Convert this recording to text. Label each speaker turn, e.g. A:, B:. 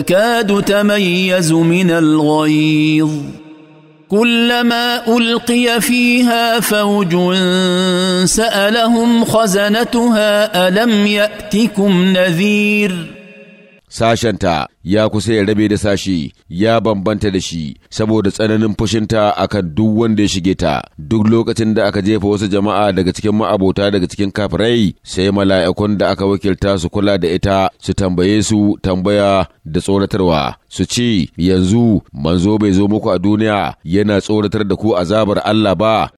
A: تكاد تميز من الغيظ كلما القي فيها فوج سالهم خزنتها الم ياتكم نذير
B: sashenta ya kusa ya rabe da sashi ya bambanta da shi saboda tsananin fushinta akan duk wanda ya shige ta duk lokacin da aka jefa wasu jama'a daga cikin ma'abota daga cikin kafirai sai mala'ikun da aka wakilta su kula da ita su tambaye su tambaya da tsoratarwa su ce yanzu manzo bai zo muku a duniya yana tsoratar da
C: ku azabar Allah ba